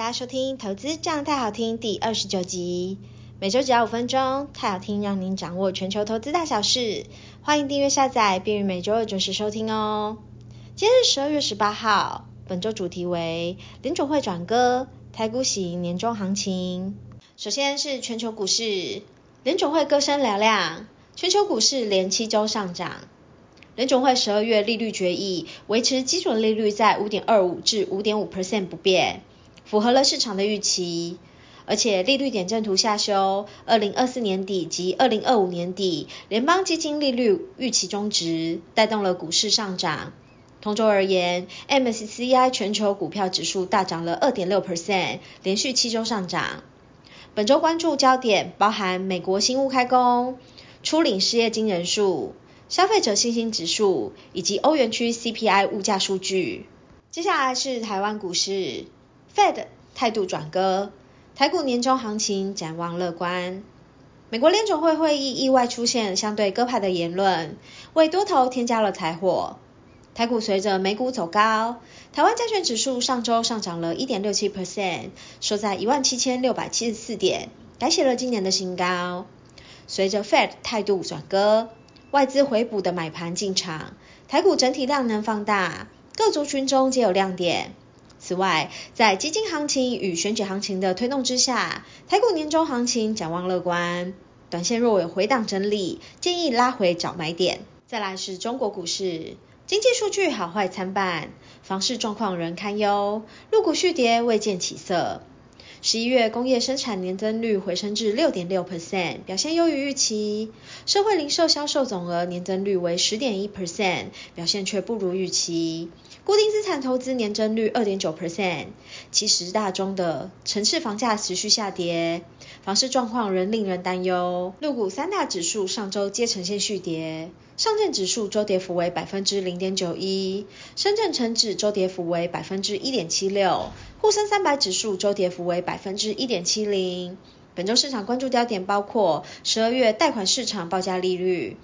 大家收聽《投資這樣太好聽》第二十九集，每周只要五分鐘，太好聽讓您掌握全球投資大小事。歡迎訂閱下載，並於每周二準時收聽哦。今天是十二月十八號，本周主題為聯準會轉鴿，台股喜迎年終行情。首先是全球股市，聯準會鴿聲嘹亮，亮，全球股市連七周上漲。聯準會十二月利率決議維持基準利率在五點二五至五點五 percent 不變。符合了市場的預期，而且利率點陣圖下修，二零二四年底及二零二五年底聯邦基金利率預期中值，帶動了股市上漲。同周而言，MSCI 全球股票指數大漲了二點六 percent，連續七周上漲。本周關注焦點包含美國新屋開工、初領失業金人數、消費者信心指數以及歐元區 CPI 物價數據。接下來是台灣股市。Fed 態度轉鴿，台股年終行情展望樂觀。美國聯準會會議意外出現相對鴿派的言論，為多頭添加了柴火。台股隨着美股走高，台灣加權指數上周上漲了1.67%，收在17,674點，改寫了今年的新高。隨着 Fed 態度轉鴿，外資回補的買盤進場，台股整體量能放大，各族群中皆有亮點。此外，在基金行情與選舉行情的推動之下，台股年終行情展望樂觀。短線若有回檔整理，建議拉回找買點。再來是中國股市，經濟數據好壞參半，房市狀況仍堪憂，陸股續跌未見起色。十一月工業生產年增率回升至六點六 percent，表現優於預期；社會零售銷售總額年增率為十點一 percent，表現卻不如預期。固定資產投資年增率二點九 percent，其十大中的城市房價持續下跌，房市狀況仍令人擔憂。陸股三大指數上周皆呈現續跌，上證指數周跌幅為百分之零點九一，深證成指周跌幅為百分之一點七六，滬深三百指數周跌幅為百分之一點七零。本周市場關注焦點包括十二月貸款市場報價利率、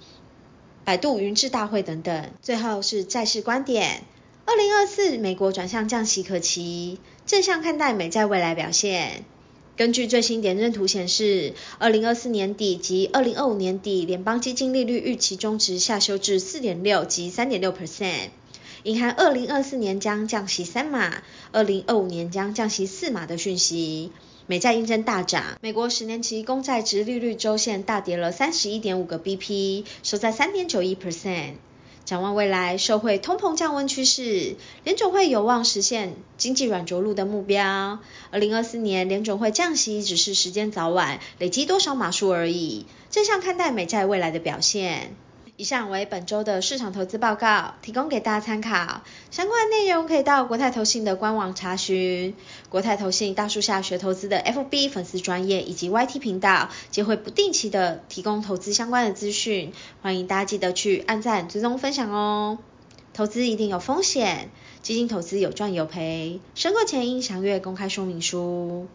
百度雲智大會等等。最後是債市觀點。二零二四美國轉向降息可期，正向看待美債未來表現。根據最新點陣圖顯示，二零二四年底及二零二五年底聯邦基金利率預期中值下修至四點六及三點六 percent。隱含二零二四年將降息三碼，二零二五年將降息四碼的訊息，美債應聲大漲。美國十年期公債殖利率週線大跌了三十一點五個 bp，收在三點九一 percent。展望未來，社會通膨降溫趨勢，聯準會有望實現經濟軟着陸的目標。二零二四年聯準會降息只是時間早晚，累積多少碼數而已。正向看待美債未來的表現。以上為本周的市場投資報告，提供給大家參考。相關內容可以到國泰投信的官網查詢。國泰投信大樹下學投資的 FB 粉絲專頁以及 YT 頻道，皆會不定期的提供投資相關的資訊。歡迎大家記得去按贊、追蹤、分享哦。投資一定有風險，基金投資有賺有賠，申購前應詳閱公開說明書。